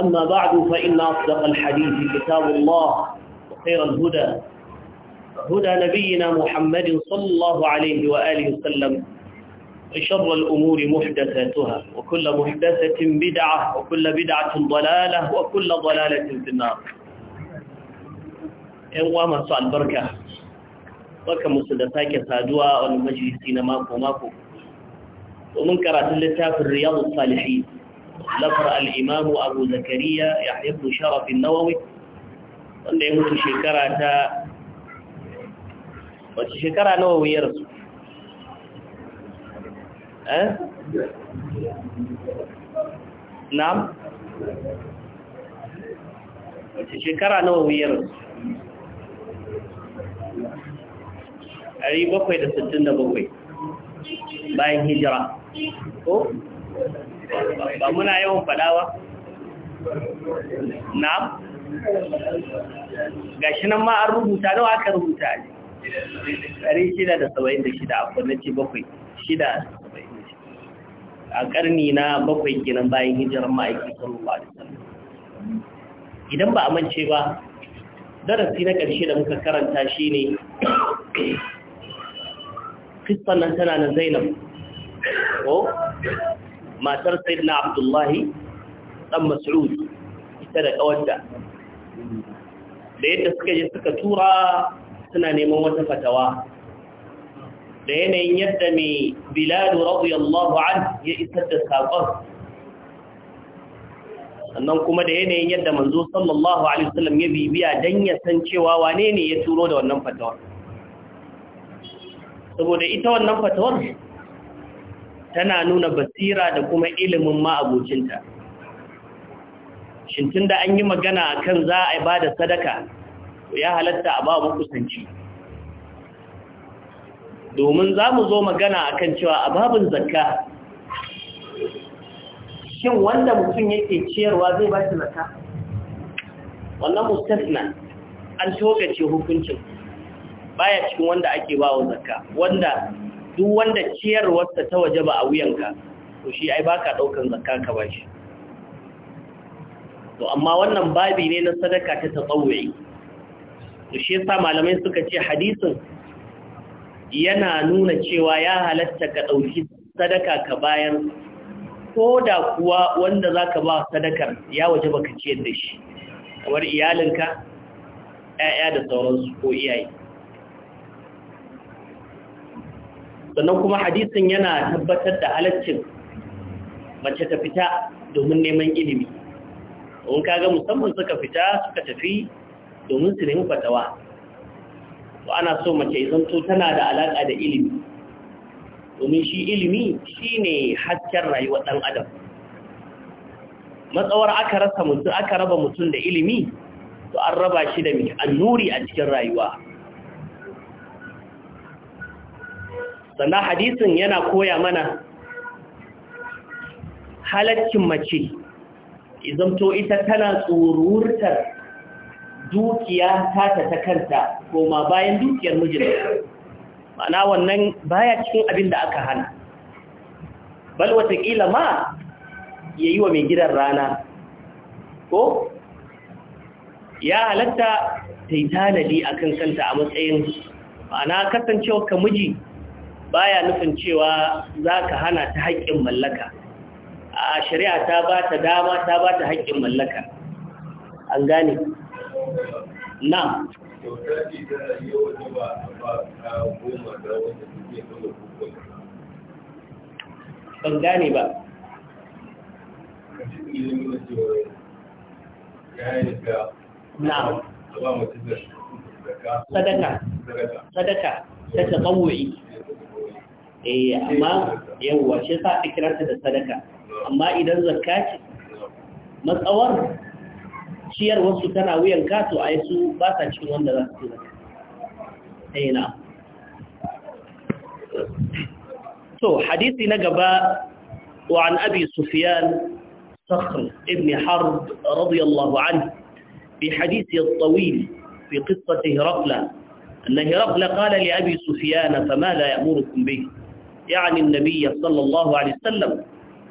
أما بعد فإن أصدق الحديث كتاب الله وخير الهدى هدى نبينا محمد صلى الله عليه وآله وسلم وشر الأمور محدثاتها وكل محدثة بدعة وكل بدعة ضلالة وكل ضلالة في النار وما سؤال بركة وكم musu سادواء والمجلسين ماكو ماكو ومنكرة اللتاف الرياض الصالحين lafar al'imamu abu zakariya ya haifu sharafin nawawi wanda ya mutu shekara ta wace shekara nawawi ya rasu eh na'am wace shekara nawawi ya rasu bakwai bayan hijira ko ba muna yawan fadawa na gashi nan ma an rubuta da aka rubuta ne ƙari shida da saba'in da shida a kwanaci bakwai shida a ƙarni na bakwai ginan bayan hijirar ma'aiki sallallahu alaihi wasallam idan ba a mance ba darasi na ƙarshe da muka karanta shi ne kristan nan tana na zainab ko matar na abdullahi dan mas'ud ita da kawarta da yadda suka je suka tura suna neman wata fatawa da yanayin yadda mai biladu radiyallahu an ya isar da saƙon sannan kuma da yanayin yadda manzo sallallahu alaihi wasallam ya bibiya dan ya san cewa wane ne ya turo da wannan fatawar saboda ita wannan fatawar tana nuna basira da kuma ilimin ma'abocinta shin da an yi magana akan za a ba da sadaka ya halatta a ba kusanci? domin za mu zo magana akan cewa a babin zakka shin wanda mutum yake ciyarwa zai ba shi zakka wannan mustasna an tokace hukuncin baya cikin wanda ake ba wa zakka wanda duk wanda ciyarwarsa ta waje ba a wuyanka to shi ai baka daukan zakka ka bashi to amma wannan babi ne na sadaka ta tsawai to shi yasa malamai suka ce hadisin yana nuna cewa ya halatta ka dauki sadaka ka bayan ko da kuwa wanda zaka ba sadakar ya waje baka ciyar da shi kamar iyalinka ƴaƴa da sauransu ko iyaye sannan kuma hadisin yana tabbatar da halaccin mace ta fita domin neman ilimi in kaga musamman suka fita suka tafi domin su nemi fatawa To ana so mace zanto tana da alaka da ilimi domin shi ilimi shine hasken rayuwar ɗan adam matsawar aka rasa mutum aka raba mutum da ilimi to an raba shi da mai annuri a cikin rayuwa sannan hadisin yana koya mana halaccin mace izamto ita tana tsururtar dukiya tata ta kanta ma bayan dukiyar mijin ma'ana wannan baya cikin abin da aka hana bal watakila ma ya yi wa mai gidan rana ko ya halatta ta yi tanadi a kan kanta a matsayin ma'ana kasancewa ka miji baya nufin cewa za ka hana ta haƙƙin mallaka a shari'a ta ba ta dama ta ba ta haƙƙin mallaka an gane na ban gane ba na sadaka sadaka ta taɓawai eh amma yawa shi sa ake kiranta da sadaka amma idan zakka ce matsawar ciyar wasu tana wuyan kato a yasu ba sa cikin wanda za su zaka eh na to hadisi na gaba wa an abi sufyan صخر ابن حرب رضي الله عنه في حديثه الطويل في قصة هرقل أن هرقل قال لأبي سفيان فما لا يأمركم به يعني النبي صلى الله عليه وسلم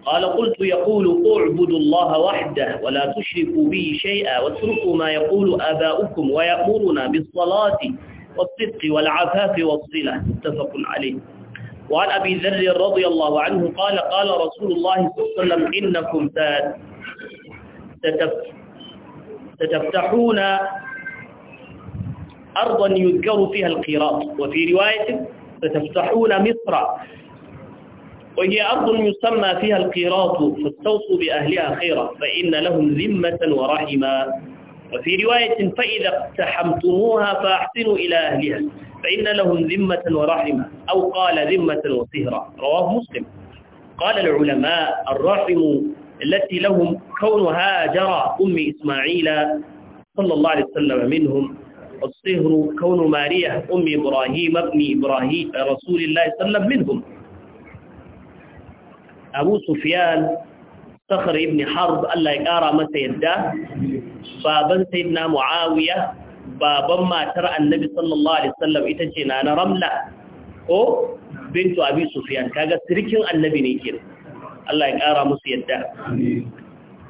قال قلت يقول اعبدوا الله وحده ولا تشركوا به شيئا واتركوا ما يقول آباؤكم ويأمرنا بالصلاة والصدق والعفاف والصلة متفق عليه وعن أبي ذر رضي الله عنه قال قال رسول الله صلى الله عليه وسلم إنكم ستفتحون أرضا يذكر فيها القراط وفي رواية ستفتحون مصر وهي أرض يسمى فيها القيراط فاستوصوا بأهلها خيرا فإن لهم ذمة ورحما وفي رواية فإذا اقتحمتموها فأحسنوا إلى أهلها فإن لهم ذمة ورحمة أو قال ذمة وصهرة رواه مسلم قال العلماء الرحم التي لهم كون هاجر أم إسماعيل صلى الله عليه وسلم منهم والصهر كون ماريا أم إبراهيم ابن إبراهيم رسول الله صلى الله عليه وسلم منهم abu sufiyan sakhar ibn harb Allah ya kara masa yadda baban sayyidina muawiya baban matar annabi sallallahu alaihi wasallam ita ce nana ramla ko bintu abi sufiyan kaga sirkin annabi ne ke. Allah ya kara musu yadda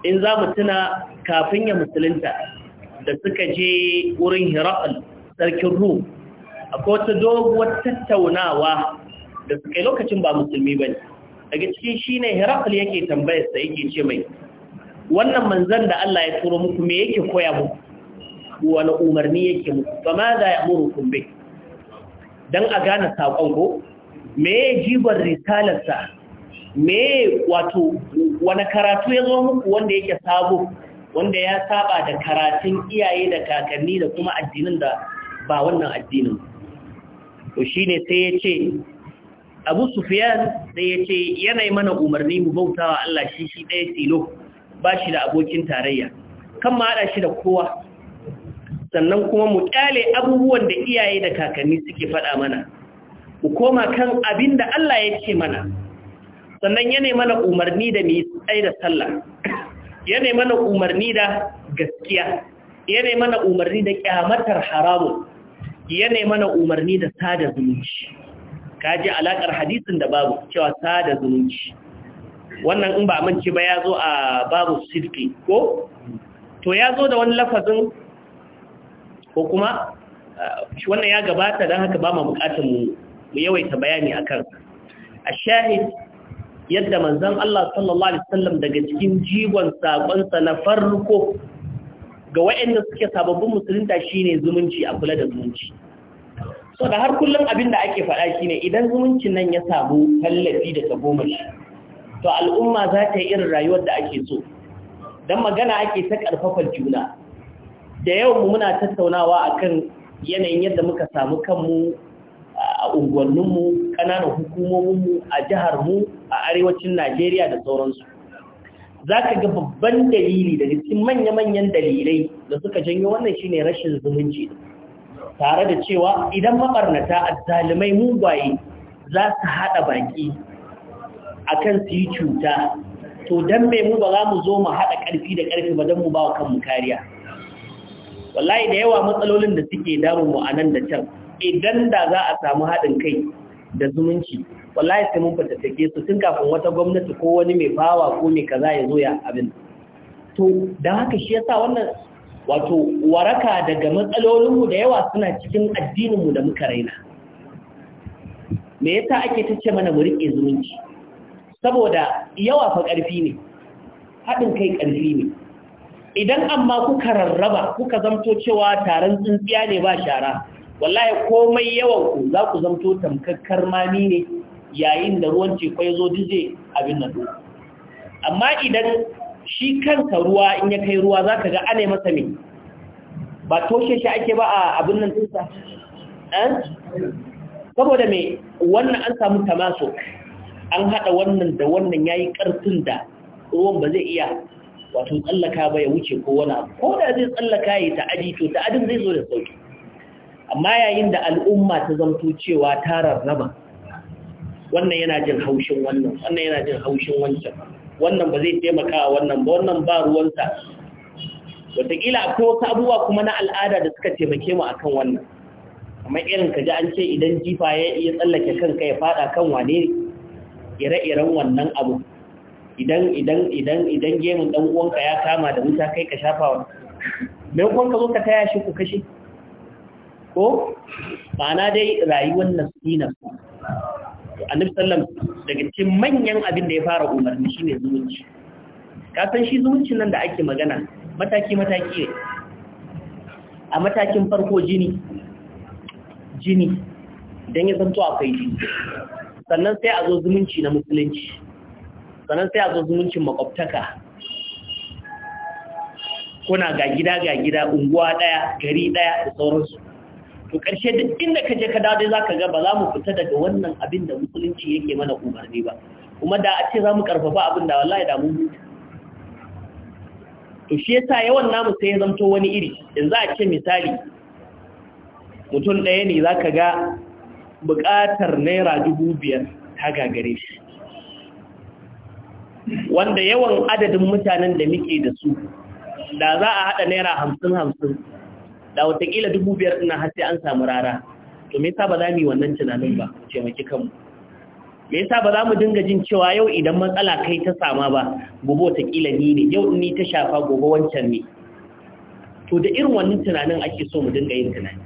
in za mu tuna kafin ya musulunta da suka je wurin hiraqal sarkin rum akwai wata doguwar tattaunawa da suka lokacin ba musulmi bane daga cikin shi ne herakul yake tambayar sa yake ce mai wannan manzan da Allah ya turo muku me yake koya muku wani umarni yake muku ba ma za ya muru kumbe don a gane saƙon ko me jibar risalarsa me wato wani karatu ya zo muku wanda yake sabo wanda ya saba da karatun iyaye da kakanni da kuma addinin da ba wannan addinin to shine sai ya ce abu sufiyan da ya ce yanayi mana umarni mu bauta wa Allah shi shi ɗaya tilo ba shi da abokin tarayya kan ma haɗa shi da kowa sannan kuma mu ƙyale abubuwan da iyaye da kakanni suke faɗa mana mu koma kan abin da Allah ya ce mana sannan yanayi mana umarni da mu yi da sallah yanayi mana umarni da gaskiya yanayi mana umarni da ƙyamatar haramun yanayi mana umarni da sada zumunci kaji alakar hadisin da babu cewa sada zumunci wannan in ba ci ba ya zo a babu sirki ko to ya zo da wani lafazin ko kuma eh, wannan ya gabata don haka ba ma bukatar mu yawaita bayani a kan a shahid yadda manzan Allah sallallahu Alaihi wasallam daga cikin jigon saƙonsa na farko ga waɗanda suke sababbin musulunta shine zumunci a kula da zumunci so da har kullum abin da ake faɗa shi ne idan zumuncin nan ya samu tallafi da ta shi, to al'umma za ta yi irin rayuwar da ake so don magana ake ta ƙarfafar juna da yau muna tattaunawa a kan yanayin yadda muka samu kanmu a unguwanninmu ƙananan hukumominmu a jiharmu a arewacin najeriya da sauransu za ka ga babban dalili daga cikin manya-manyan dalilai da suka janyo wannan shine rashin zumunci tare da cewa idan mabarnata azzalimai mugwaye za su haɗa baki akan su yi cuta to don mai mu ba za mu zo mu haɗa ƙarfi da ƙarfi ba don mu ba wa kanmu kariya wallahi da yawa matsalolin da suke damu mu a nan da can idan da za a samu haɗin kai da zumunci wallahi sai mun fatattake su tun kafin wata gwamnati ko wani mai fawa ko mai kaza ya zo ya abin to da haka shi yasa wannan wato waraka daga matsalolinmu da yawa suna cikin addininmu da muka raina me yasa ake tace mana mu riƙe zumunci saboda yawa fa ƙarfi ne haɗin kai ƙarfi ne idan amma kuka rarraba kuka zamto cewa taron tsintsiya ne ba shara wallahi komai yawan ku za ku zamto tamkakkar mami ne yayin da ruwan ceko ya zo dije abin nan amma idan shi kanka ruwa in ya kai ruwa za ka ga ana masa mai ba toshe shi ake ba a abin nan dinsa eh? saboda mai wannan an samu tamaso an haɗa wannan da wannan ya yi ƙarfin da ruwan ba zai iya wato tsallaka ba ya wuce ko wani abu ko da zai tsallaka ya yi ta'adi to ta'adin zai zo da sauki amma yayin da al'umma ta zamto cewa ta raba wannan yana jin haushin wannan wannan yana jin haushin wancan wannan ba zai taimaka a wannan ba wannan ba ruwansa wataƙila akwai wasu abubuwa kuma na al'ada da suka taimake mu akan wannan kamar irin ka ji an ce idan jifa ya iya tsallake kanka ya fada kan wane ire-iren wannan abu idan idan idan idan gemun dan uwanka ya kama da wuta kai ka shafa wa me kun ka zo ka taya shi ku kashe ko ma'ana dai rayuwar nafsi annabi sallam daga cikin manyan abin da ya fara umarni shine zumunci ka san shi zumuncin nan da ake magana mataki mataki ne a matakin farko jini jini dan ya zanto akwai jini sannan sai a zo zumunci na musulunci sannan sai a zo zumuncin makwabtaka kuna ga gida ga gida unguwa daya gari daya da sauransu to ƙarshe duk inda ka je ka dade za ka ga ba za mu fita daga wannan abin da musulunci yake mana umarni ba kuma da a ce za mu karfafa abin da wallahi da mun to shi yasa yawan namu sai ya zamto wani iri yanzu a ce misali mutum ɗaya ne za ka ga buƙatar naira dubu biyar ta gagare shi wanda yawan adadin mutanen da muke da su da za a haɗa naira hamsin hamsin da watakila dubu biyar ɗina har sai an samu rara to me yasa ba za mu yi wannan tunanin ba mu taimaki kanmu me yasa ba za mu dinga jin cewa yau idan matsala kai ta sama ba gobe watakila ni ne yau ni ta shafa gobe wancan ne to da irin wannan tunanin ake so mu dinga yin tunani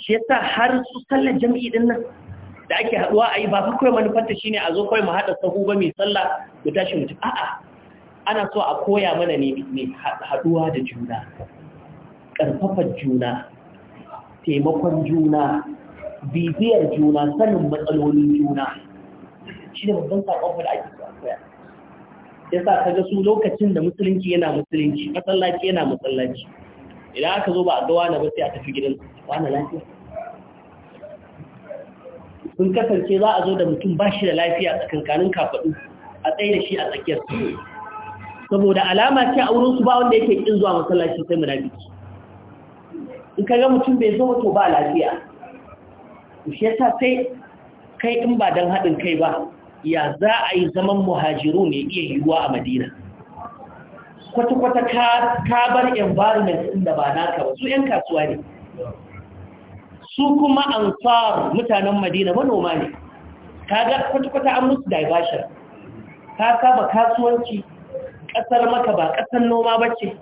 shi yasa har su sallar jami'i din nan da ake haduwa a yi ba fa kawai ta shine a zo kawai mu haɗa sahu ba mai sallah mu tashi mu a'a ana so a koya mana ne haɗuwa da juna ƙarfafar juna taimakon juna bibiyar juna sanin matsalolin juna shi ne babban saƙon da ake koya ya sa ka ga su lokacin da musulunci yana musulunci masallaci yana masallaci idan aka zo ba a ga na ba sai a tafi gidan wani lafiya sun kasance za a zo da mutum ba shi da lafiya a tsakankanin kafaɗu a tsaye da shi a tsakiyar su saboda alama ce a wurin su ba wanda yake ƙin zuwa masallaci sai munafiki in ka ga mutum bai zo to ba lafiya shi yasa sai kai in ba dan haɗin kai ba ya za a yi zaman muhajiru ne iya yiwuwa a madina kwata-kwata ka bar environment inda ba naka ba su 'yan kasuwa ne su kuma ansar mutanen madina manoma ne kaga kwata-kwata an musu diversion ka saba kasuwanci ƙasar maka ba ƙasar noma ba ce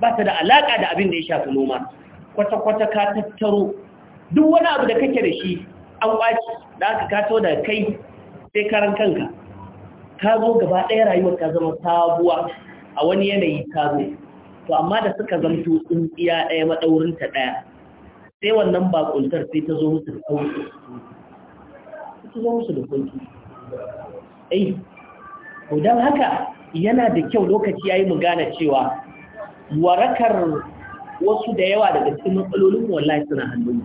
ba ta da alaƙa da abin da ya shafi noma kwata-kwata ka tattaro duk wani abu da kake da shi an ɓaci da aka kato da kai sai karan kanka ka zo gaba ɗaya rayuwar ka zama sabuwa a wani yanayi ta zo to amma da suka zamto tsintsiya ɗaya maɗaurinta ɗaya sai wannan bakuntar sai ta zo musu da sauki ta zo musu haka yana da kyau lokaci ya yi mu cewa warakar wasu da yawa daga cikin matsalolin wallahi suna hannun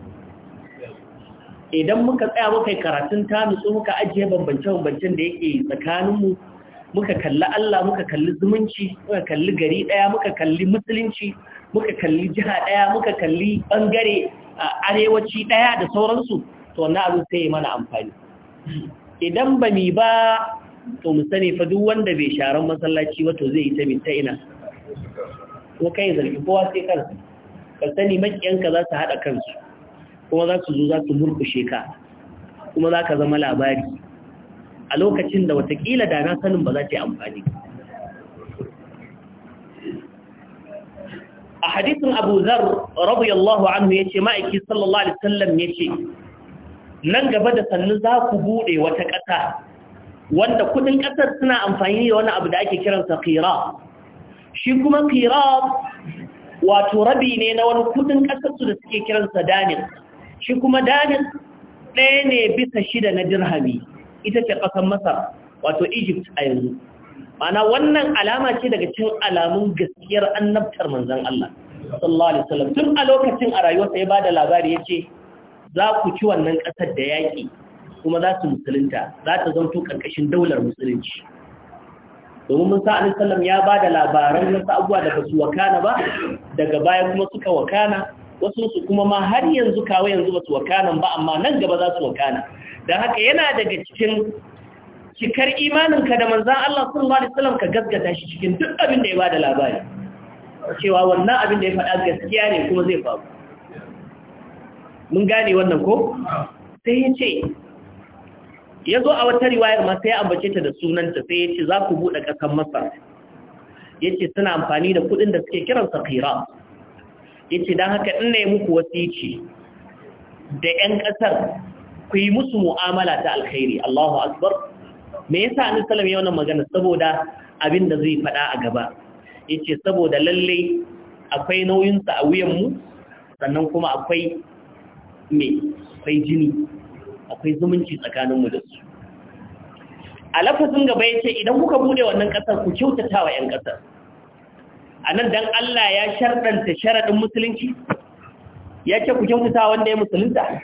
idan muka tsaya muka yi karatun ta nutsu muka ajiye bambance-bambancen da yake tsakaninmu muka kalli Allah muka kalli zumunci muka kalli gari ɗaya muka kalli musulunci muka kalli jiha ɗaya muka kalli ɓangare arewaci ɗaya da sauransu to wannan abin sai mana amfani idan ba mi ba to mu sani fa duk wanda bai sharan masallaci ba to zai yi ta ina kuma kai zargi kowa sai kansa ka sani makiyanka za su haɗa kansu kuma za su zo za su murkushe ka kuma za ka zama labari a lokacin da watakila da na sanin ba za ta yi amfani a hadisin abu zar radiyallahu anhu ya ce ma'aiki sallallahu alaihi sallam ya ce nan gaba da sannu za ku buɗe wata ƙasa wanda kudin ƙasar suna amfani da wani abu da ake kiransa qira shi kuma qirat wato rabi ne na wani kudin kasar su da suke kiransa danin shi kuma danin ɗaya ne bisa shida na dirhami ita ce ƙasar masar wato egypt a yanzu mana wannan alama ce daga cin alamun gaskiyar annabtar manzan Allah sallallahu alaihi tun a lokacin a rayuwarsa ya da labari yace za ku ci wannan ƙasar da yaƙi kuma za su musulunta za ta zanto ƙarƙashin daular musulunci domin mun sa alaihi ya ba da labaran wasu abubuwa da ba su wakana ba daga baya kuma suka wakana wasu su kuma ma har yanzu kawo yanzu ba su wakana ba amma nan gaba za su wakana don haka yana daga cikin cikar imaninka da manzan Allah sallallahu alaihi wasallam ka gaskata shi cikin duk abin da ya ba da labari cewa wannan abin da ya faɗa gaskiya ne kuma zai faru mun gane wannan ko sai ya ce ya zo a wata riwayar ma sai ambace ta da sunanta sai ya ce za ku buɗe ƙasar masar ya ce suna amfani da kuɗin da suke kiransa kira ya ce don haka ina yi muku wasici da 'yan ƙasar ku yi musu mu'amala ta alkhairi Allahu akbar me yasa sa sallallahu salam yawon magana saboda abin da zai faɗa a gaba ya ce saboda lalle akwai nauyinsa a wuyan mu sannan kuma akwai me akwai jini akwai zumunci tsakaninmu da su a lafazin gaba ya ce idan kuka bude wannan ƙasar ku kyautata wa 'yan ƙasar a nan don Allah ya sharɗanta sharaɗin musulunci ya ce ku kyautata wanda ya musulunta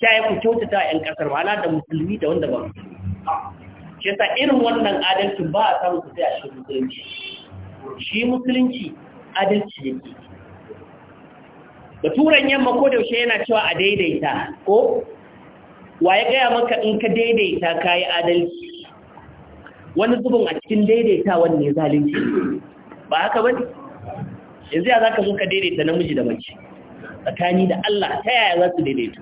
ya yi ku kyautata wa 'yan ƙasar ma'ana da musulmi da wanda ba musulmi shi ta irin wannan adalcin ba a samun su sai a musulunci shi musulunci adalci Ba baturan yamma ko da yaushe yana cewa a daidaita ko wa ya gaya maka in ka daidaita ka yi adalci wani zubin a cikin daidaitawan ne zalunci ba haka ba ne yanzu ya za ka zuka ka daidaita namiji da mace tsakani da Allah ta yaya za su daidaita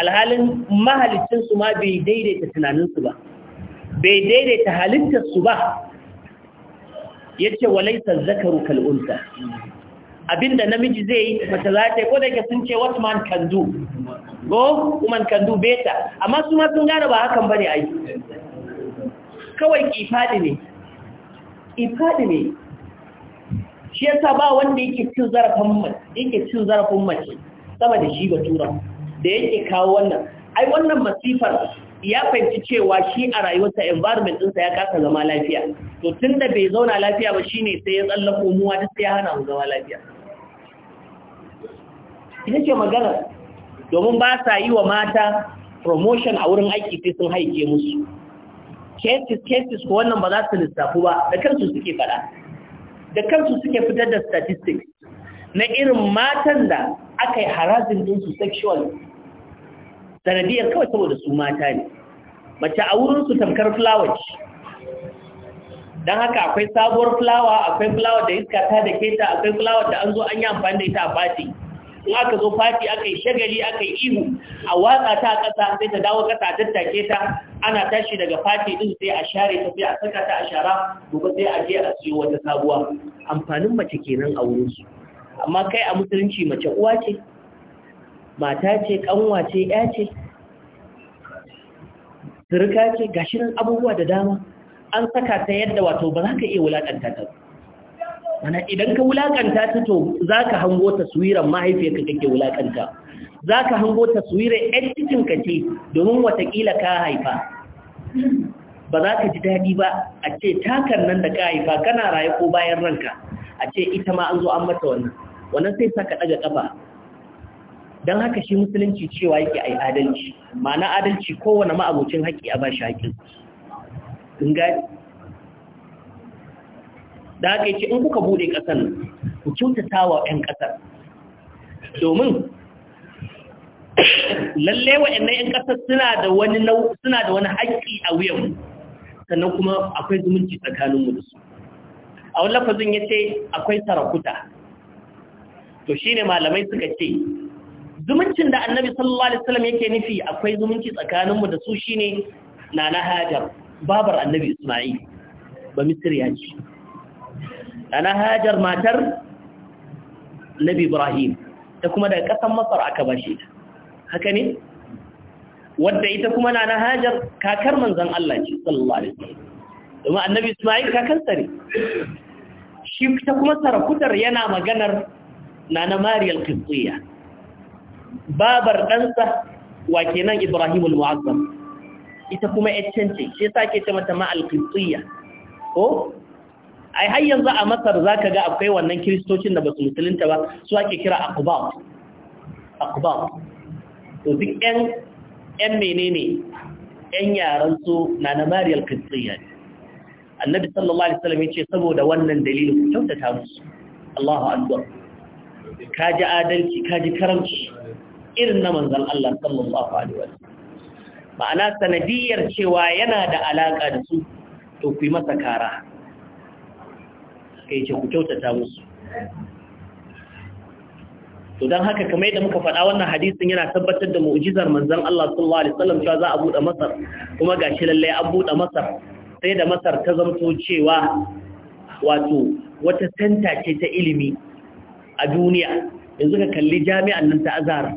alhalin mahalicinsu ma bai daidaita tunaninsu ba bai daidaita halittarsu ba ya ce walaita zakaru kal'unta abinda namiji zai yi mace za ta yi ko da yake sun ce what man can do go woman can do better amma su ma sun gane ba hakan bane ai kawai ifadi ne ifadi ne shi yasa ba wanda yake cin zarafin mace yake cin zarafin mace sama da shi ba tura, da yake kawo wannan ai wannan masifar ya fahimci cewa shi a rayuwarsa environment ɗinsa ya kasa zama lafiya to tun da bai zauna lafiya ba shine sai ya tsallako muwa duk sai ya hana mu zama lafiya ita ce magana domin ba sa yi wa mata promotion a wurin aiki sai sun haike musu cases cases ko wannan ba za su lissafu ba da kansu suke faɗa da kansu suke fitar da statistics na irin matan da aka yi harazin ɗinsu sexual sanadiyar kawai saboda su mata ne mace a wurin su tamkar flower don haka akwai sabuwar flower, akwai flower da iska ta da keta akwai flower da an zo an yi amfani da ita a party. in aka zo fati aka yi shagali aka yi ihu a watsa ta ƙasa sai ta dawo ƙasa tattake ta ana tashi daga fati din sai a share ta sai a saka ta a shara gobe sai a je a siyo wata sabuwa amfanin mace kenan a wurin su amma kai a musulunci mace uwa ce mata ce kanwa ce ya ce turka ce gashi abubuwa da dama an saka ta yadda wato ba za ka iya wulakanta ta ba mana idan ka wulakanta ta to za ka hango taswirar mahaifiyarka kake wulakanta za ka hango taswirar ‘yan cikinka ce domin watakila ka haifa ba za ka ji daɗi ba a ce takan nan da ka haifa kana raye ko bayan ranka a ce ita ma an zo an mata wannan wannan sai sa ka ɗaga ƙafa don haka shi musulunci cewa yake a yi adalci ma'ana adalci kowane ma'abocin haƙƙi a ba shi haƙƙin da aka ce in kuka bude ƙasar ku kyautata wa 'yan ƙasar domin lalle wa'annan 'yan ƙasar suna da wani suna haƙƙi a wuyan sannan kuma akwai zumunci tsakaninmu da su a wani lafazin ya ce akwai sarakuta to shine malamai suka ce zumuncin da annabi sallallahu alaihi wasallam yake nufi akwai zumunci tsakaninmu da su shine nana hajar babar annabi isma'il ba misriya ce ana hajar matar nabi ibrahim ta kuma daga kasan masar aka bashe ta haka ne wadda ita kuma na na hajar kakar manzan Allah ce sallallahu alaihi wasallam domin annabi isma'il kakansa ne shi ta kuma sarakutar yana maganar nana mariyal qibtiyya babar ɗansa wa kenan ibrahimul mu'azzam ita kuma yaccen ce sai yasa ta mata ma al-qibtiyya ko ai har yanzu a masar za ka ga akwai wannan kiristocin da ba su musulunta ba su ake kira akubam to duk yan menene yan yaran su na na mariyar kristiyya ne annabi sallallahu alaihi wasallam ce saboda wannan dalilin ku kyautata musu Allahu akbar kaji adalci kaji karamci irin na manzon Allah sallallahu alaihi wasallam ma'ana sanadiyar cewa yana da alaka da su to ku yi masa kara suka yi ce ku kyautata musu to don haka kamar yadda muka faɗa wannan hadisin yana tabbatar da mu'jizar manzon Allah sallallahu alaihi wasallam cewa za a buɗe Masar kuma gashi lalle an buɗe Masar sai da Masar ta zanto cewa wato wata santa ce ta ilimi a duniya yanzu ka kalli jami'an nan ta Azhar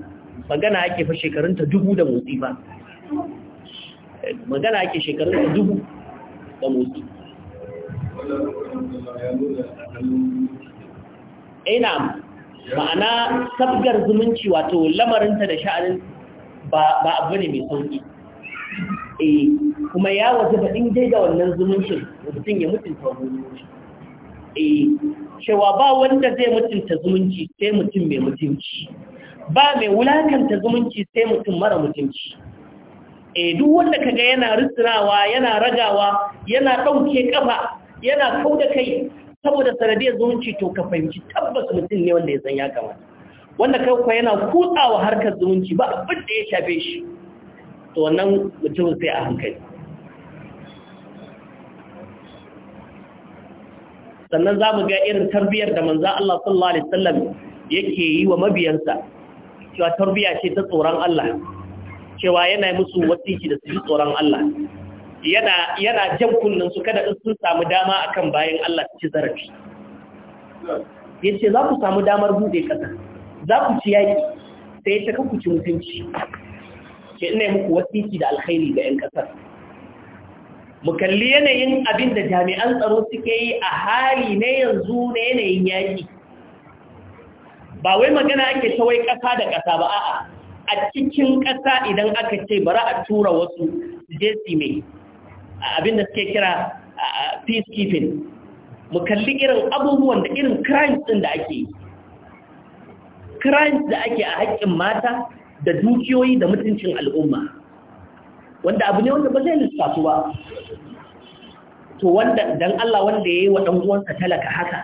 magana ake fa ta dubu da motsi ba magana ake ta dubu da motsi ina eh, ma'ana sabgar zumunci wato lamarinta da sha'anin ba abu ne mai sauki e kuma ya waje ba in dai da wannan zumuncin mutum ya mutunta wani zumunci e cewa ba wanda zai mutunta zumunci sai mutum mai mutunci ba mai wulakanta zumunci sai mutum mara mutunci e duk wanda kaga yana risinawa yana ragawa yana ɗauke ƙafa. yana kau da kai saboda sanadiyar zumunci to ka fahimci tabbas mutum ne wanda ya san ya kamata wanda kai kuwa yana kutsawa harkar zumunci ba abin da ya shafe shi to wannan mutum sai a hankali sannan za mu ga irin tarbiyyar da manzan Allah sallallahu Alaihi wasallam yake yi wa mabiyansa cewa tarbiyya ce ta tsoron Allah cewa yana musu wasiki da su tsoron Allah yana jan kunnen su kada in sun samu dama a kan bayan Allah ci zarafi Ya ce za ku samu damar bude kasa za ku ci yaki sai ya taka ku ci mutunci ke ina muku wasiki da alkhairi ga 'yan kasar mu kalli yanayin abin da jami'an tsaro suke yi a hali na yanzu na yanayin yaki ba wai magana ake ta wai kasa da ƙasa ba a'a a cikin ƙasa idan aka ce bara a tura wasu jesi mai abin da suke kira peacekeeping mu kalli irin abubuwan da irin crimes din da ake crimes da ake a haƙƙin mata da dukiyoyi da mutuncin al'umma wanda abu ne wanda ba zai lissafu ba to wanda dan Allah wanda yayi wa dan uwansa talaka haka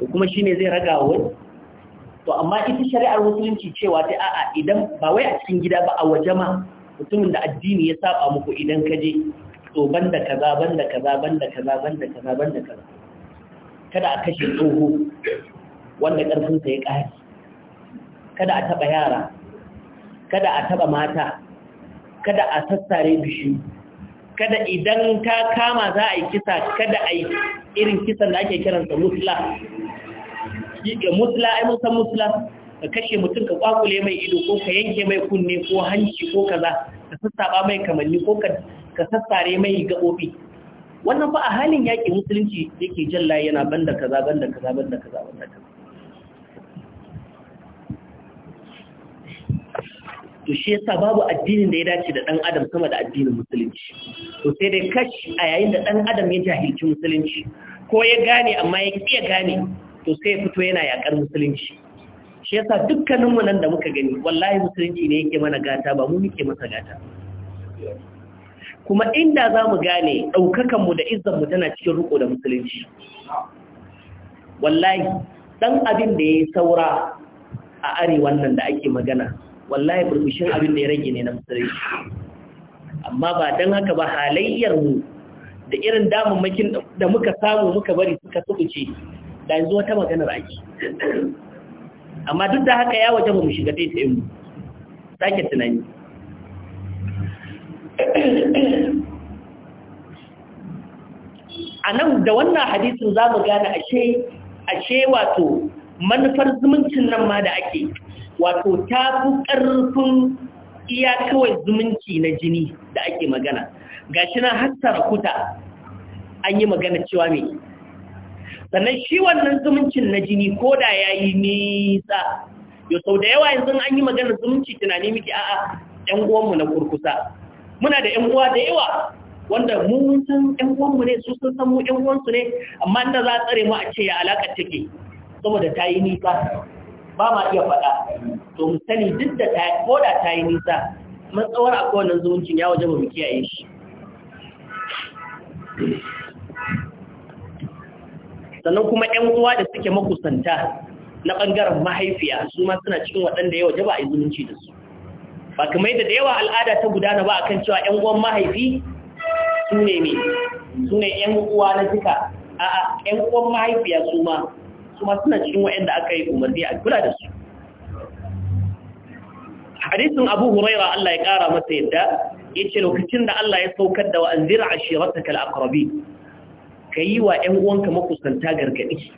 to kuma shine zai raga wa to amma ita shari'ar musulunci cewa ta a'a idan ba wai a cikin gida ba a waje ma mutumin da addini ya saba muku idan ka je to banda kaza banda kaza banda kaza banda kaza banda kaza kada a kashe tsoho wanda ƙarfinsa ya ƙari kada a taɓa yara kada a taɓa mata kada a sassare bishiyu kada idan ka kama za a yi kisa kada a yi irin kisan da ake kiransa musula musula ai musan musula ka kashe mutum ka kwakule mai ido ko ka yanke mai kunne ko hanci ko kaza ka sassaɓa mai kamanni ko ka ka sassare mai gaɓoɓi wannan fa a halin yaƙi musulunci yake jalla yana banda kaza banda kaza banda kaza banda kaza to shi yasa babu addinin da ya dace da dan adam sama da addinin musulunci to sai dai kash a yayin da dan adam ya jahilci musulunci ko ya gane amma ya kiya gane to sai fito yana yaƙar musulunci shi yasa dukkaninmu nan da muka gani wallahi musulunci ne yake mana gata ba mu muke masa gata kuma inda za mu gane ɗaukakanmu da izzanmu tana cikin riko da musulunci wallahi ɗan abin da ya yi saura a arewan nan da ake magana wallahi burbushin abin da ya rage ne na musulunci amma ba don haka ba halayyarmu da irin damammakin da muka samu muka bari suka tsubuce da yanzu wata maganar ake amma duk da haka ya waje ba mu shiga taitayin mu sake tunani a nan da wannan hadisin za mu gane ashe ce wato manufar zumuncin nan ma da ake wato ta fi ƙarfin iya kawai zumunci na jini da ake magana Ga shi na hassara kuta an yi magana cewa mai sannan shi wannan zumuncin na jini ko da ya yi nisa yau sau da yawa yanzu an yi magana zumunci tunani miki a'a 'yan uwanmu na kurkusa muna da 'yan uwa da yawa wanda mun san ƴan ne su sun san mu ƴan uwansu ne amma inda za a tsare mu a ce ya alaƙar take saboda ta yi nisa ba ma iya faɗa to mu sani duk da ta ko da ta yi nisa matsawar a kowane zumuncin ya waje mu kiyaye shi sannan kuma yanuwa uwa da suke makusanta na ɓangaren mahaifiya su ma suna cikin waɗanda ya waje ba a yi zumunci da su ba kamar yadda da yawa al'ada ta gudana ba akan cewa ƴan uwan mahaifi su ne me su ne ƴan uwa na jika a'a ƴan uwan mahaifiya su ma su ma suna cikin waɗanda aka yi umarni a kula da su hadisin Abu Huraira Allah ya kara masa yadda yace lokacin da Allah ya saukar da wa'anzir ashiratakal aqrabi kayi wa ƴan uwanka makusanta gargadi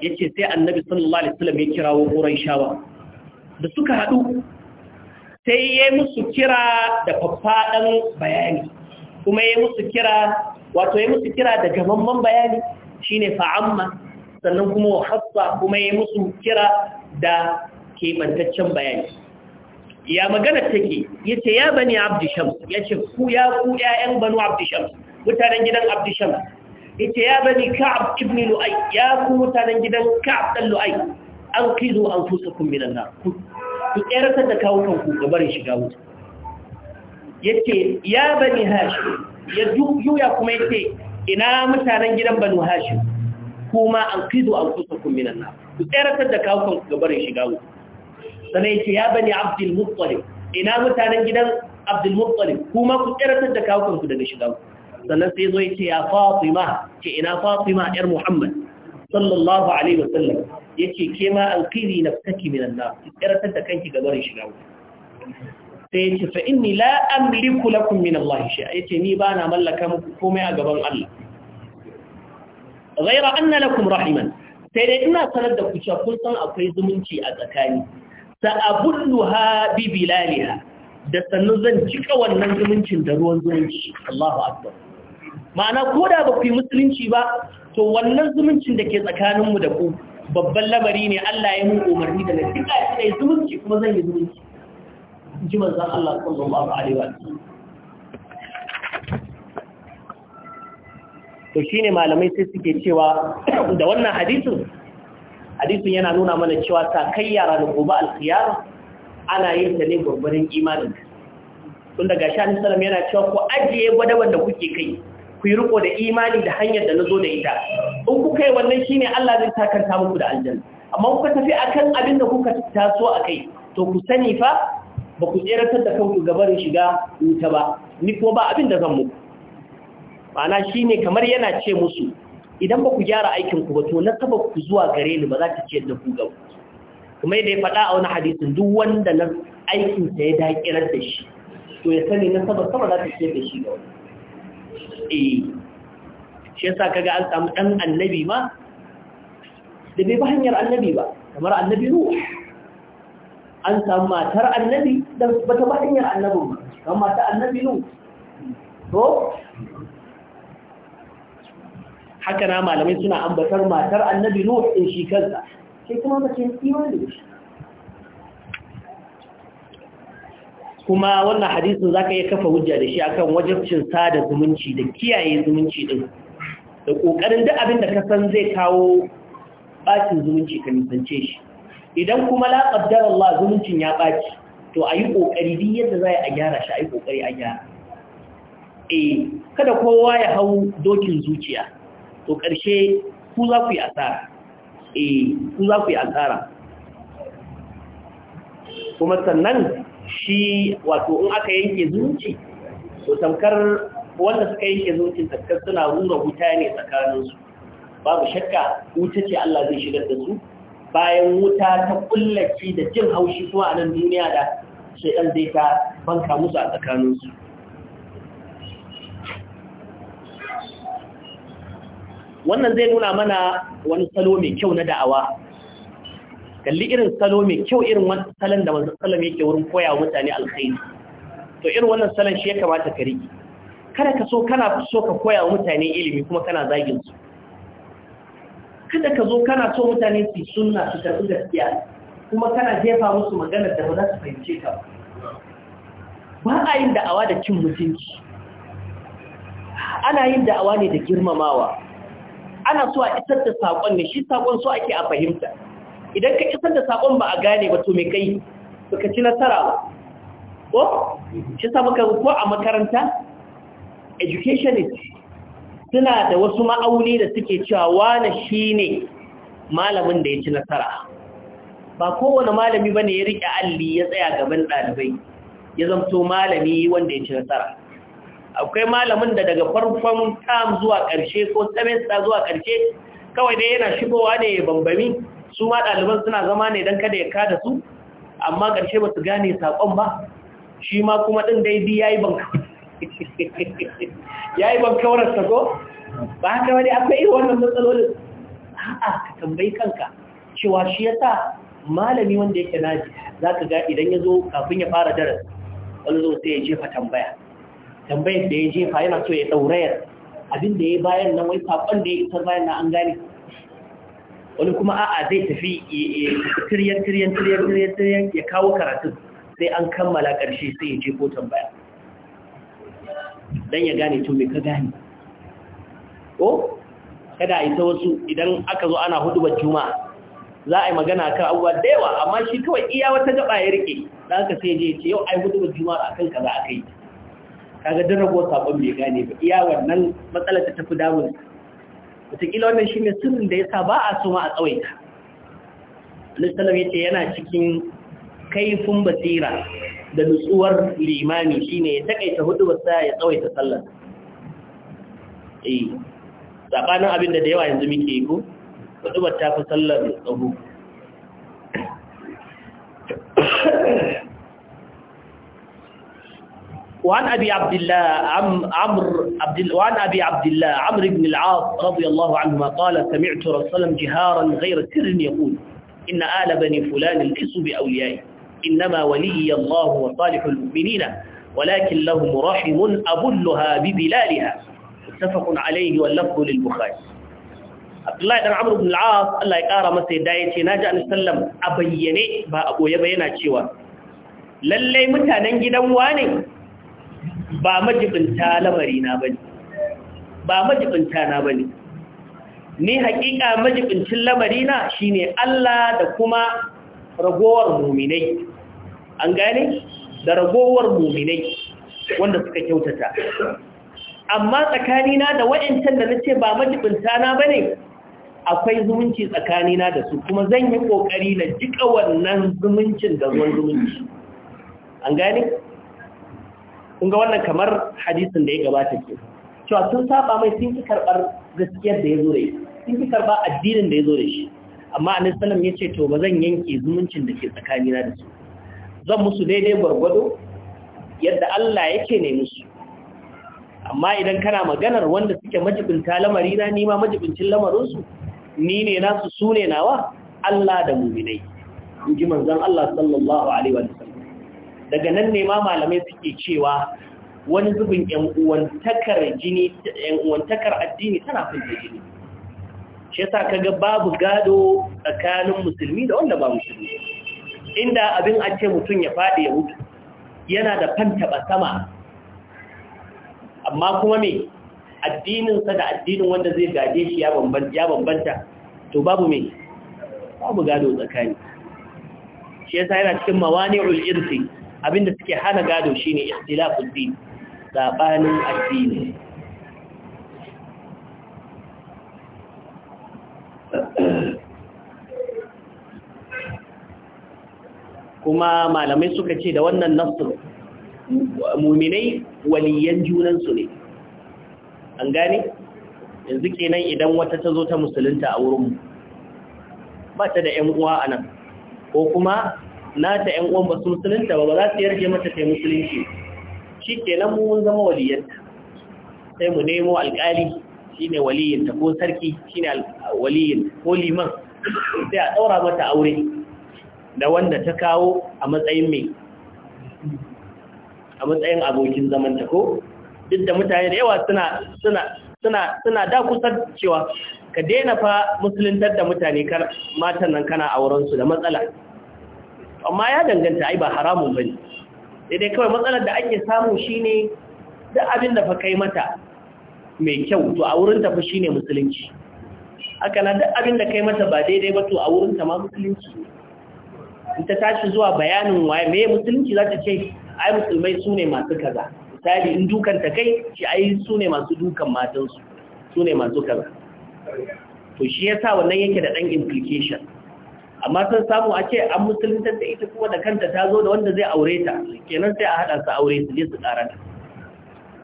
yace sai Annabi sallallahu alaihi wasallam ya kirawo Quraishawa da suka haɗu. sai ya musu kira da faffaɗan bayani kuma ya musu kira wato ya musu kira da gamamman bayani shine fa'amma sannan kuma wa kuma ya musu kira da kebantaccen bayani ya magana take ce ya bani abdisham Ya ce ku ya ku ƴaƴan banu abdisham mutanen gidan abdisham Ya ce ya bani ka'ab ibn lu'ay ya ku mutanen gidan ka'ab dan lu'ay an qizu kun minan na ku tseratar da kawukan ku ga barin shiga wuta Ya ce ya bani hashim ya juya kuma ya ce ina mutanen gidan banu hashim kuma an kidu an kusa kun minan na ku tseratar da kawukan ku ga barin shiga wuta ya ce ya bani Abdi'l muttalib ina mutanen gidan abdul muttalib kuma ku tseratar da kawukan ku daga shiga wuta sannan sai zo ya ce ya fatima ce ina fatima yar muhammad sallallahu alaihi wasallam yace ke ma alqiri naftaki min an-nar ta da kanki ga barin shiga sai yace fa inni la amliku lakum min Allah shay'a yace ni ba na mallaka muku komai a gaban Allah ghayra anna lakum rahiman sai dai ina sanar da ku cewa kun san akwai zumunci a tsakani sa'abulluha bi bilaliha da sannu zan cika wannan zumuncin da ruwan zumunci Allahu akbar ma'ana ko da ba ku yi musulunci ba to wannan zumuncin da ke tsakaninmu da ku babban labari ne Allah ya mun umarni da nan duk ayi sai zumunci kuma zan yi zumunci ji manzon Allah sallallahu alaihi wa sallam to shine malamai sai suke cewa da wannan hadisin hadisin yana nuna mana cewa ta yara ranar gobe alkhiyar ana yin ta ne gurgurin imanin tun daga shi salam yana cewa ko ajiye gwada wanda kuke kai ku yi riko da imani da hanyar da na zo da ita in kuka yi wannan shine Allah zai takanta muku da aljanna amma kuka tafi a kan abin da kuka taso a kai to ku sani fa ba ku tseratar da kanku gabarin shiga wuta ba ni ko ba abin da zan muku ma'ana shine kamar yana ce musu idan ba ku gyara aikinku ba to na saba ku zuwa gare ni ba za ta ce da ku gaba kuma da ya faɗa a wani hadisin duk wanda na aikinsa ya daƙirar da shi to ya sani na saba sama za ta ciyar da shi wani eh shi yasa kaga an samu dan annabi ma da bai ba hanyar annabi ba kamar annabi ruh an samu matar annabi da bata ba hanyar annabin ba kamar matar annabi nu to haka na malamai suna ambatar matar annabi nu din shi kansa sai kuma mace imani da shi kuma wannan hadisin za ka iya kafa hujja da shi akan wajabcin sada zumunci da kiyaye zumunci din da ƙoƙarin duk abin da ka san zai kawo ɓacin zumunci ka nisance shi idan kuma la qaddara Allah zumuncin ya ɓaci to a yi ƙoƙari duk yadda za a gyara shi a yi ƙoƙari a gyara eh kada kowa ya hau dokin zuciya to ƙarshe ku za ku yi asara eh ku za ku yi asara kuma sannan shi wato in aka yanke zuci to tamkar wanda suka yanke zuci tamkar suna rura wuta ne tsakaninsu babu shakka wuta ce Allah zai shigar da su bayan wuta ta kullaci da jin haushi kuma a nan duniya da shaidan zai ta banka musu a tsakaninsu wannan zai nuna mana wani salo mai kyau na da'awa kalli irin salo mai kyau irin wannan salon da manzon salon yake wurin koya wa mutane alkhairi to irin wannan salon shi ya kamata ka riki kada ka so kana so ka koya wa mutane ilimi kuma kana zagin su kada ka zo kana so mutane su sunna su tafi gaskiya kuma kana jefa musu magana da ba za su fahimce ka ba ba a yin da'awa da cin mutunci ana yin da'awa ne da girmamawa ana so a isar da saƙon ne shi saƙon so ake a fahimta idan ka isar da sakon ba a gane ba to mai kai ka ci nasara ba ko shi sa muka ko a makaranta educationist suna da wasu ma'auni da suke cewa wane shine malamin da ya ci nasara ba kowane malami ba ne ya riƙe alli ya tsaya gaban ɗalibai, ya zamto malami wanda ya ci nasara akwai malamin da daga farkon tam zuwa ƙarshe ko semester zuwa ƙarshe kawai dai yana shigowa ne ya bambami su ma ɗaliban suna zama ne don kada ya kada su amma ƙarshe ba su gane saƙon ba shi ma kuma ɗin daidai ya yi bankawarar sako ba haka wani akwai irin wannan matsalolin a'a ka tambayi kanka cewa shi ya sa malami wanda yake naji za ka ga idan ya zo kafin ya fara darasi wani zo sai ya jefa tambaya tambayar da ya jefa yana so ya daurayar abin da ya bayan nan wai saƙon da ya isar bayan na an gane wani kuma a'a zai tafi tiryan tiryan tiryan tiryan tiryan ya kawo karatun sai an kammala ƙarshe sai ya je ko tambaya don ya gane to me ka gane ko kada a yi ta wasu idan aka zo ana hudu juma'a za a yi magana kan abuwa da yawa amma shi kawai iya wata gaba ya rike da aka sai je ce yau yi hudu juma'a akan kaza aka yi kaga dan rago sabon mai gane ba iya wannan matsalar ta tafi damun watakila wannan shi ne sirrin da ya sa ba a suma a tsawaita alisalam ya ce yana cikin kaifin basira da nutsuwar limami shi ne ya takaita hudu wasa ya tsawaita sallar eh tsakanin abin da yawa yanzu muke yi ko hudu ta fi sallar tsaho وعن أبي عبد الله عم عمر عبد وعن أبي عبد الله عمرو بن العاص رضي الله عنهما قال سمعت رسول الله صلى الله عليه وسلم جهارا غير سر يقول إن آل بني فلان ليسوا بأوليائي إنما ولي الله وصالح المؤمنين ولكن لهم رحم أبلها ببلالها متفق عليه واللفظ للبخاري عبد الله بن عمرو بن العاص الله يقرا masa yadda yace naji annabi sallam a bayyane ba a boye ba yana cewa lalle mutanen gidan wane ba majibinta lamari na bane ba majibinta na bane ni haƙiƙa majibincin lamari na shine Allah da kuma ragowar muminai an gane da ragowar muminai wanda suka kyautata amma tsakanina da waɗancan da nace ba majibinta na bane akwai zumunci tsakanina da su kuma zan yi ƙoƙari na jika wannan zumuncin da ruwan zumunci an gane kun ga wannan kamar hadisin da ya gabata ke cewa sun saba mai sun ki karɓar gaskiyar da ya zo da shi sun ki karɓa addinin da ya zo da shi amma a sallam ya ce to ba zan yanke zumuncin da ke tsakanina da su zan musu daidai gwargwado yadda Allah ya yake ne musu amma idan kana maganar wanda suke majibinta lamari na nima majibincin lamarinsu ni ne nasu su ne nawa Allah da muminai in ji manzon Allah sallallahu alaihi wa daga nan ne ma malamai suke cewa wani zubin ‘yan uwantakar jini ‘yan addini tana fulta jini shi yasa kaga babu gado tsakanin musulmi da wanda ba musulmi inda abin a ce mutum ya faɗi ya mutu yana da ba sama amma kuma me addininsa da addinin wanda zai gaje shi ya bambanta to babu me babu gado tsakani shi yasa yana cikin mawani'ul irsi abinda suke hana gado shine ikhtilafud din sabanin addini kuma malamai suka ce da wannan nassu muminai waliyan junansu ne an gane yanzu kenan idan wata ta zo ta musulunta a wurin mu. ba ta da ‘yan uwa anan ko kuma nata ‘yan uwan ba su musulunta ba ba za su yarje mata ta musulunci shi ke nan mun zama waliyarta sai mu nemo alƙali shi ne waliyinta ko sarki shi ne waliyinta ko liman sai a tsaura mata aure da wanda ta kawo a matsayin mai a matsayin abokin zamanta ko duk da mutane da yawa suna suna suna suna da kusa cewa ka daina fa musuluntar da mutane matan nan kana aurensu da matsala amma ya danganta ai ba haramun bane sai dai kawai matsalar da ake samu shine duk abin da fa kai mata mai kyau to a wurin ta fa shine musulunci haka na duk abin da kai mata ba daidai ba to a wurin ta ma musulunci in ta tashi zuwa bayanin waye me musulunci za ta ce ai musulmai su ne masu kaza misali in dukan ta kai shi ai sune masu dukan matansu sune masu kaza to shi yasa wannan yake da dan implication amma sun samu a ce an musuluntar da ita kuma da kanta ta zo da wanda zai aure ta kenan sai a haɗa su aure su je su ƙara ta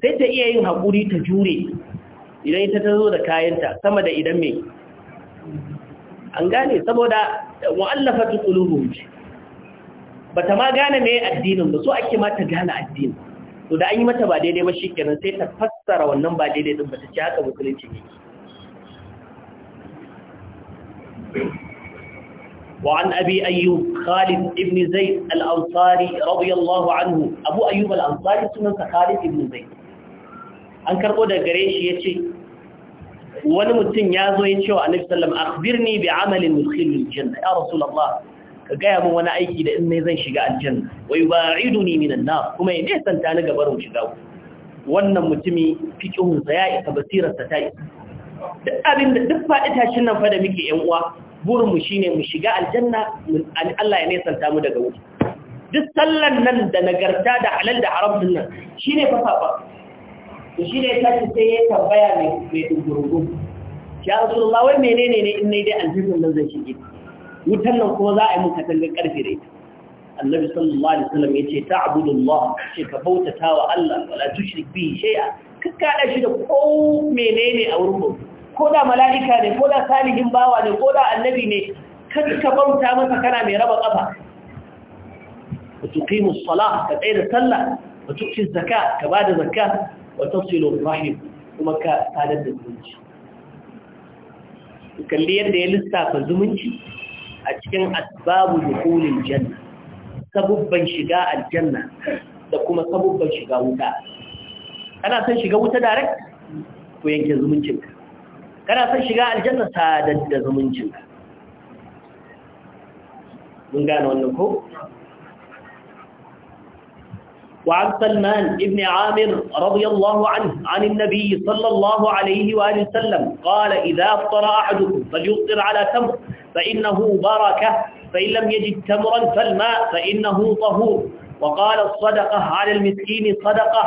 sai ta iya yin haƙuri ta jure idan ita ta zo da kayanta sama da idan mai an gane saboda mu'allafa tuquluhum ba ta ma gane mai addinin ba so ake ma ta gane addini to da an yi mata ba daidai ba shi kenan sai ta fassara wannan ba daidai din ba ta ci haka musulunci ne وعن أبي أيوب خالد بن زيد الأنصاري رضي الله عنه أبو أيوب الأنصاري سنة خالد بن زيد أنكر قد قريش يتي ونمتن يازو يتشو عن نفس الله أخبرني بعمل يدخل الجنة يا رسول الله كقايا من وانا أيكي لإني زي شقاء الجنة ويباعدني من النار كما ينيسا تانا قبرو شقاو وانا متمي فيكم زيائي فبصيرة ستائي da abin da duk faɗi tashin nan fa da muke yan uwa burinmu shi ne mu shiga aljanna Allah ya nesanta mu daga wuta duk sallan nan da nagarta da halal da haram din nan shi ne fasafa to shi ne tashi sai ya tambaya mai dungurungu ya rasulullah wai menene ne in nai dai aljanna nan zai shige wutan nan kuma za a yi mun katangar karfe da ita annabi sallallahu alaihi wasallam yace ta'budullah ce ka bautata wa Allah wala tushrik bihi shay'a kakka da shi da ko menene a wurin bauta ko da mala'ika ne ko da salihin bawa ne ko da annabi ne kan ka bauta masa kana mai raba ƙafa. ka tuƙi musala ka tsaya da sallah wa tu'ti az-zakat ka da zakat wa tasilu rahim kuma ka sadar da zumunci kalli yadda ya lissafa zumunci a cikin asbabu kulin janna sabubban shiga aljanna da kuma sabubban shiga wuta ana son shiga wuta direct ko yanke zumuncinka kana son shiga aljanna sadar da zumuncin mun gane wannan ko وعن سلمان بن عامر رضي الله عنه عن النبي صلى الله عليه وآله وسلم قال إذا أفطر أحدكم فليفطر على تمر فإنه بركة فإن لم يجد تمرا فالماء فإنه طهور وقال الصدقة على المسكين صدقة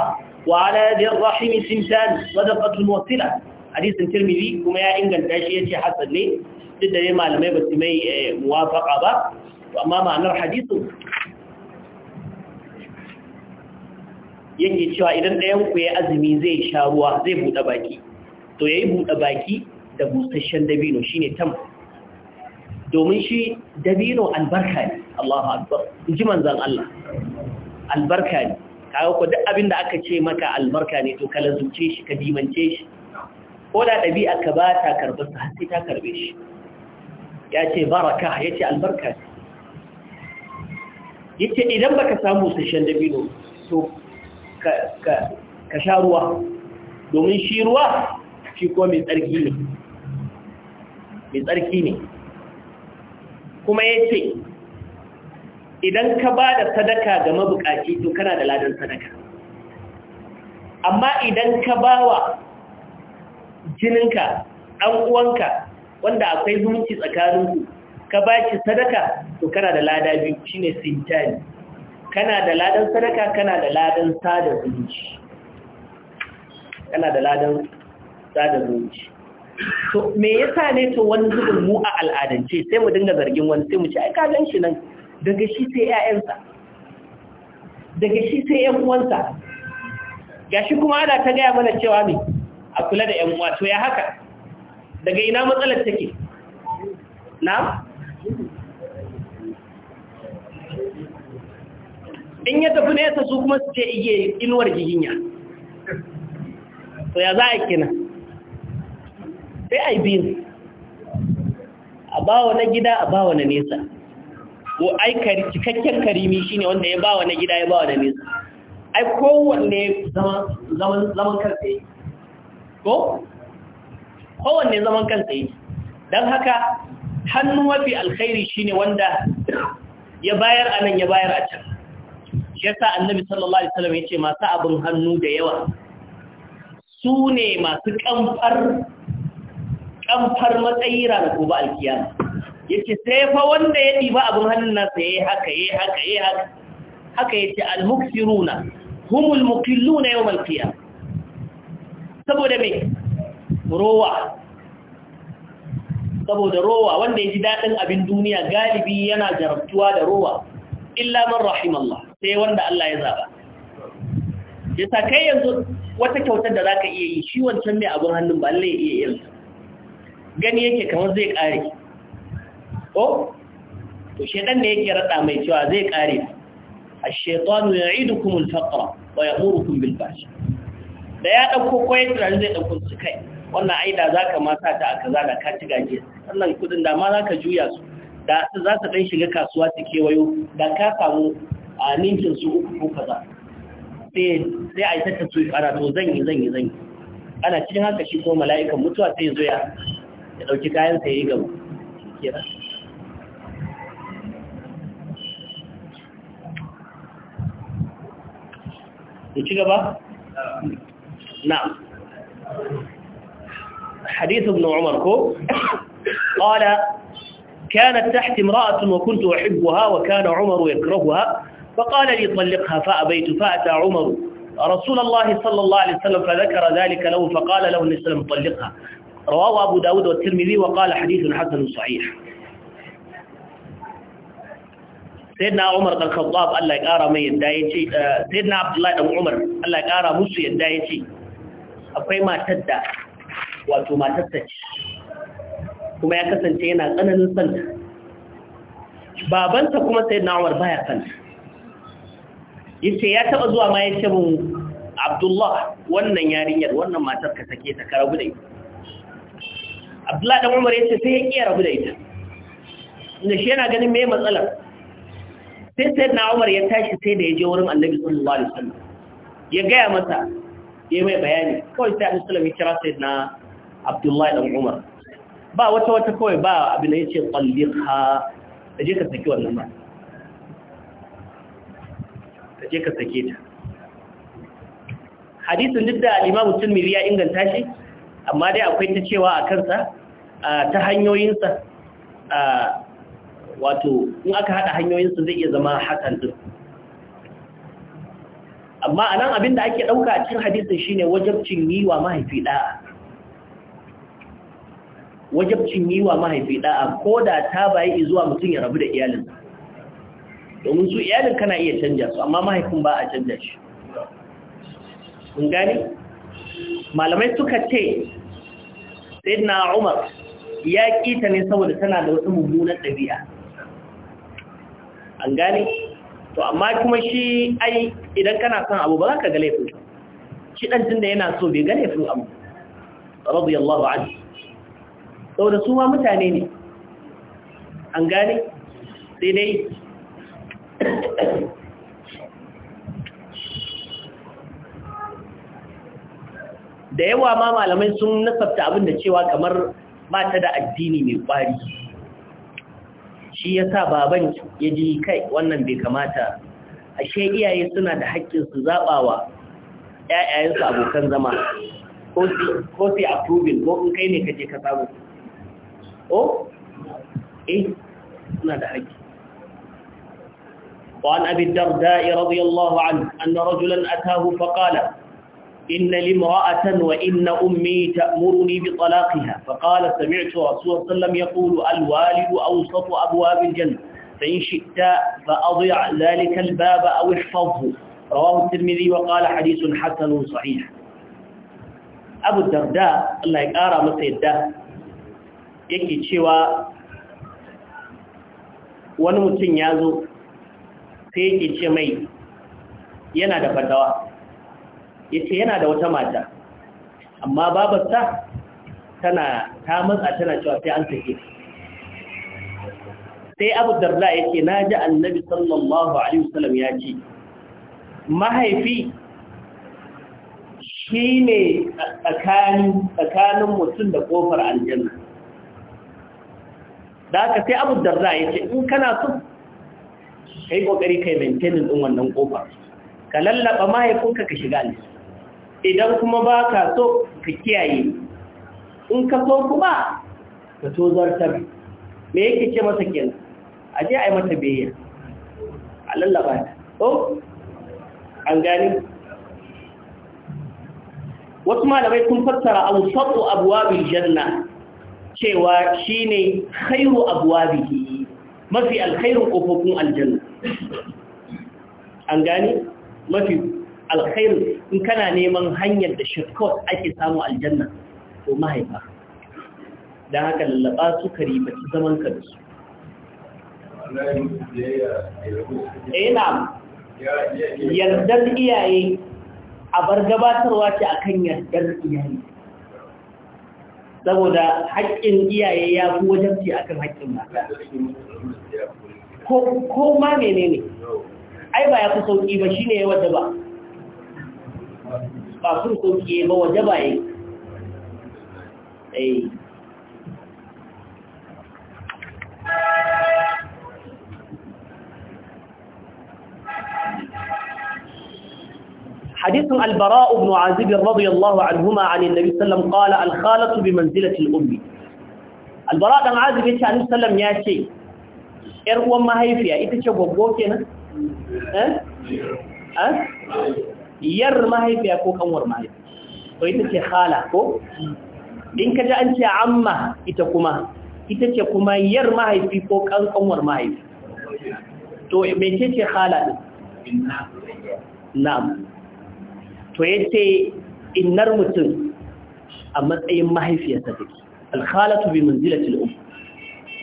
وعلى ذي الرحم سمسان صدقة موصلة hadisin tirmidhi kuma ya inganta shi yace hasan ne duk da dai malamai ba su mai eh, muwafaqa ba to amma ma'anar hadisin yake cewa idan ɗayan ku ya azumi zai sha ruwa zai buɗe baki to yayi buɗe baki da busasshen dabino shine tam domin shi dabino albarka ne Allahu akbar inji manzon Allah albarka ne kawo ku duk abin da aka ce maka albarka ne to kala zuce shi ka dimance shi ko da ɗabi'a ka ba ta karɓar sa sai ta karɓe shi ya ce baraka ya ce albarka ce ya ce idan baka samu sashen dabino to ka sha ruwa domin shi ruwa shi ko mai tsarki ne mai tsarki ne kuma ya ce idan ka ba da sadaka ga mabukaci to kana da ladan sadaka amma idan ka ba wa jininka ɗan uwanka wanda akwai zumunci tsakaninku ka ba shi sadaka to kana da lada biyu shine sintani kana da ladan sadaka kana da ladan sada zumunci kana da ladan sada zumunci to me yasa ne to wani zubin mu a al'adance sai mu dinga zargin wani sai mu ce ai ka gan shi nan daga shi sai ƴaƴansa daga shi sai ƴan uwansa gashi kuma ana ta gaya mana cewa me a kula da 'yan wato to ya haka daga ina matsalar take na in ya tafi nesa su kuma su ce iya inuwar jihinya to ya za a kina sai a yi biyu a bawa na gida a bawa na nesa ko aikari, cikakken karimi ne wanda ya bawa na gida ya bawa na nesa ai kowanne zaman karfe. ko kowanne zaman kansa yi don haka hannu mafi alkhairi shine wanda ya bayar a nan ya bayar a can shi yasa annabi sallallahu alaihi wasallam yace masu abin hannu da yawa su ne masu kamfar kamfar matsayi ranar gobe alkiyama yace sai fa wanda ya diba abin hannun nasa yayi haka yayi haka yayi haka haka yace al-muksiruna humul muqilluna yawm al-qiyamah saboda mai rowa saboda rowa wanda ya ji daɗin abin duniya galibi yana jarabtuwa da rowa illa man Allah, sai wanda Allah ya zaba ya sa kai yanzu wata kyautar da za ka iya yi shi wancan mai abin hannun ba Allah ya iya yin gani yake kamar zai ƙare ko to shaidan ne yake raɗa mai cewa zai ƙare ash-shaytanu ya al-faqra wa ya bil bashi da ya ɗauko kwaye turare zai ɗauko su kai wannan ai da za ka mata ta aka zana ka ci gaje wannan kudin da ma za ka juya su da za su ɗan shiga kasuwa su kewayo da ka samu a ninkin su uku ko kaza sai a yi tattata su ana to zan yi zan yi zan yi ana cikin haka shi ko mala'ikan mutuwa sai zo ya ɗauki kayan ya yi gaba kira ci gaba نعم حديث ابن عمر كو قال كانت تحت امرأة وكنت أحبها وكان عمر يكرهها فقال لي طلقها فأبيت فأتى عمر رسول الله صلى الله عليه وسلم فذكر ذلك له فقال له النبي صلى الله عليه وسلم طلقها رواه أبو داود والترمذي وقال حديث حسن صحيح سيدنا عمر بن الخطاب الله يقارى من يدعي آه، سيدنا عبد الله بن عمر الله يقارى مسو يدعي akwai matar da wato matar ta ce kuma ya kasance yana tsananin santa babanta kuma sai na Umar baya santa yace ya taba zuwa ma yace mun Abdullah wannan yarinyar wannan matar ka sake ta ka rabu da ita Abdullah da Umar yace sai ya kiya rabu da ita inda shi yana ganin me matsalar sai sai na Umar ya tashi sai da ya je wurin Annabi sallallahu alaihi wasallam ya gaya masa ya mai bayani kawai sai annabi sallallahu alaihi ya kira Abdullahi dan Umar ba wata wata kawai ba abin da yace qalliha kaje ka saki wannan ba kaje ka sake ta hadisin duk da al-Imam Tirmidhi ya inganta shi amma dai akwai ta cewa a kansa ta hanyoyinsa wato in aka hada hanyoyinsa zai iya zama hasan din amma anan abin da ake ɗauka a cikin hadisin shine wajabcin yi wa mahaifi da'a. wajabcin yi wa mahaifi da'a ko da ta bayi zuwa mutum ya rabu da iyalin domin su iyalin kana iya canja su amma mahaifin ba a canja shi kun gani malamai suka ce sayyidina umar ya kita ne saboda tana da wata mummunan ɗabi'a an gane to amma kuma shi ai idan kana son abu ba za ka ga su shi dan tunda yana so bai gane su amma radiyallahu anhu da su ma mutane ne an gane sai dai da yawa ma malamai sun nasabta abin da cewa kamar ba ta da addini mai kwari shi ya sa baban ya ji kai wannan bai kamata ashe iyaye suna da haƙƙin su zaɓawa ‘ya'yayensu abokan zama ko sai a tubin ko in kai ne kaje ka samu o eh suna da haƙƙi وعن أبي الدرداء رضي الله عنه أن رجلا أتاه فقال إن لامرأة وإن أمي تأمرني بطلاقها فقال سمعت رسول الله وسلم يقول الوالد أوسط أبواب الجنة فإن شئت فأضع ذلك الباب أو احفظه رواه الترمذي وقال حديث حسن صحيح أبو الدرداء الله يقارى مسيدة yake cewa wani mutum ya zo sai yake ce mai yana da fadawa ya ce yana da wata mata amma babarsa tana ta matsa tana cewa sai an sake sai abu darda ya ce na ji annabi sallallahu alaihi wasallam ya ce mahaifi shi ne tsakanin mutum da kofar aljanna da aka sai abu darda ya ce in kana so kai kokari ƙoƙari kai maintaining ɗin wannan ƙofar ka lallaba mahaifinka ka shiga aljanna idan kuma ba ka so ka kiyaye in ka so kuma ka so zartar me yake ce masa kenan a je a yi mata biyayya a lallaba ta ko an gani wasu malamai kun fassara an sabu abuwabin janna cewa shi ne khairu abuwabihi mafi alkhairun ƙofofin aljanna an gani mafi alkhairu in kana neman hanyar da shortcut ake samu aljanna to mahaifa don haka lallaba su su zaman ka da su ina eh, yardar iyaye a bar gabatarwa ce akan yardar iyaye saboda haƙƙin iyaye ya fi wajabci akan haƙƙin mata ko ma menene ai ba ya fi sauƙi ba shine ya ba. ba کو ke ba waje ba حديث البراء بن عازب رضي الله عنهما عن النبي صلى الله عليه وسلم قال الخالة بمنزلة الأم البراء بن عازب يتي عن السلام ياتي إرقوا ما هي فيها إتشبه بوكينا ها؟ إيه؟ إيه؟ ها؟ yar mahaifiya ko kanwar mahaifiya to ita ce khala ko in ka ji an ce amma ita kuma ita ce kuma yar mahaifi ko kanwar mahaifi to me ce khala din na'am to yace innar mutum a matsayin mahaifiyarsa take alkhalatu bi manzilati al-um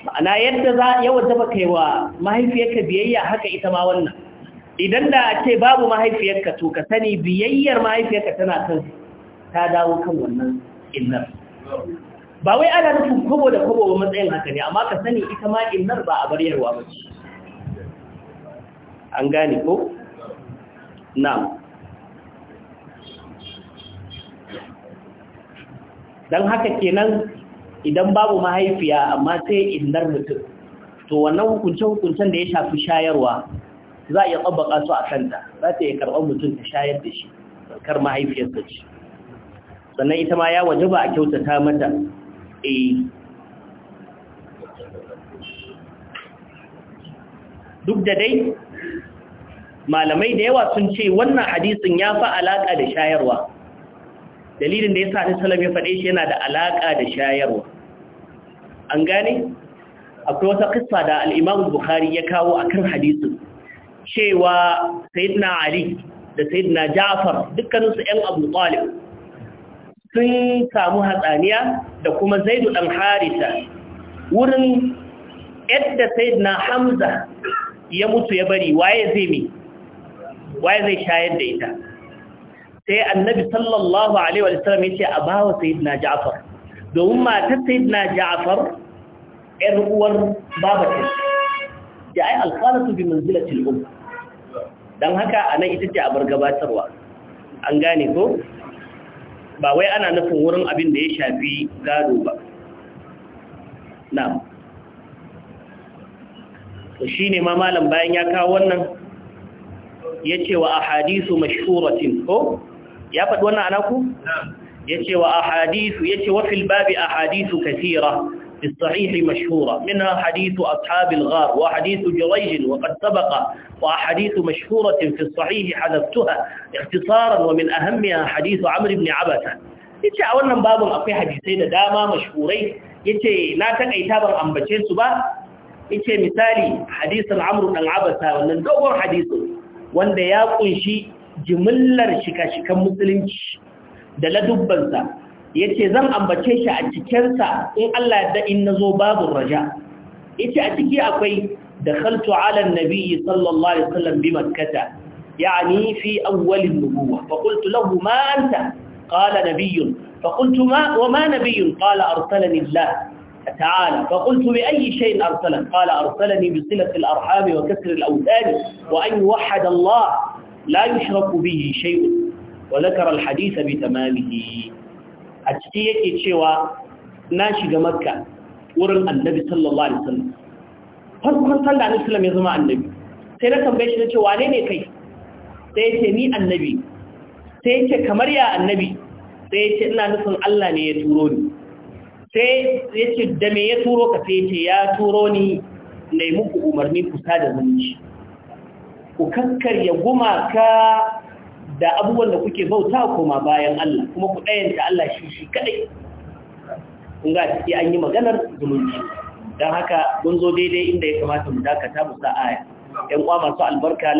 ma'ana yadda za yawa da baka yi wa mahaifiyarka biyayya haka ita ma wannan idan da a ce babu mahaifiyarka to ka sani biyayyar mahaifiyarka tana kan ta dawo kan wannan innar ba wai ana nufin kobo da kobo ba matsayin haka ne amma ka sani ita ma innar ba a baryarwa ba ce an gane ko? na don haka kenan idan babu mahaifiya amma sai innar mutum to wannan hukunce-hukuncen da ya shafi shayarwa za a iya tsabbaka su a kanta za ta iya karɓar mutum ta shayar da shi kar mahaifiyarsa ce sannan ita ma ya waje ba a kyautata mata a eh. duk da dai malamai da yawa sun ce wannan hadisin ya fi alaƙa da shayarwa dalilin da ya sa Alisalam ya faɗe shi yana da alaƙa da shayarwa an gane akwai wata kisa da al'imamu Bukhari ya kawo a kan hadisin cewa sayyidina ali da sayyidina ja'far dukkaninsu ƴan abu talib sun samu hatsaniya da kuma zaidu dan harisa wurin yadda sayyidina hamza ya mutu ya bari waye zai mi waye zai shayar da ita sai annabi sallallahu alaihi wa sallam ya ce a bawa sayyidina ja'far domin matar sayyidina ja'far ƴar uwar babatin da ai alqalatu bi manzilati al-umma don haka a nan ita ce abar gabatarwa an gane ko ba wai ana nufin wurin abin da ya shafi gado ba na to shi ne ma malam bayan ya kawo wannan ya ce wa a hadisu mashuratin ko ya faɗi wannan anaku? ya ce wa a hadisu ya ce wafil babi a hadisu kasira في الصحيح مشهورة منها حديث أصحاب الغار وحديث جريج وقد سبق وأحاديث مشهورة في الصحيح حذفتها اختصارا ومن أهمها حديث عمرو بن عبسة yace a wannan babin akwai hadisai da dama mashhurai yace na takaita ban ambace su ba yace misali hadisin Amr dan Abasa wannan dogon hadisi wanda ya kunshi jimillar shika-shikan musulunci da ladubbansa yace zan ambace shi a cikin sa in Allah da in nazo babu raja yace a ciki akwai dakhaltu ala an-nabi sallallahu alaihi wasallam bi makkah nubuwa fa qultu lahu ma anta qala nabiy fa qultu ma wa ma nabiy qala arsalani Allah تعالى فقلت بأي شيء أرسلني قال أرسلني بصلة الأرحام وكسر الأوثان وأن يوحد الله لا يشرك به شيء وذكر الحديث بتمامه a ciki yake cewa na shiga makka wurin annabi sallallahu alaihi wasallam farkon sallah annabi sallallahu ya zama annabi sai na tambaye shi na ce wane ne kai sai ya ce ni annabi sai ya ce kamar ya annabi sai ya ce ina nufin Allah ne ya turo ni sai ya ce da me ya turo ka sai ya ce ya turo ni na yi muku umarni ku sada zumunci ku ya gumaka da abubuwan da kuke bauta koma bayan Allah kuma ku ɗayan da Allah shi shi kaɗai kun ga ciki an yi maganar zumunci don haka mun zo daidai inda ya kamata mu dakata mu aya ƴan kwa masu albarka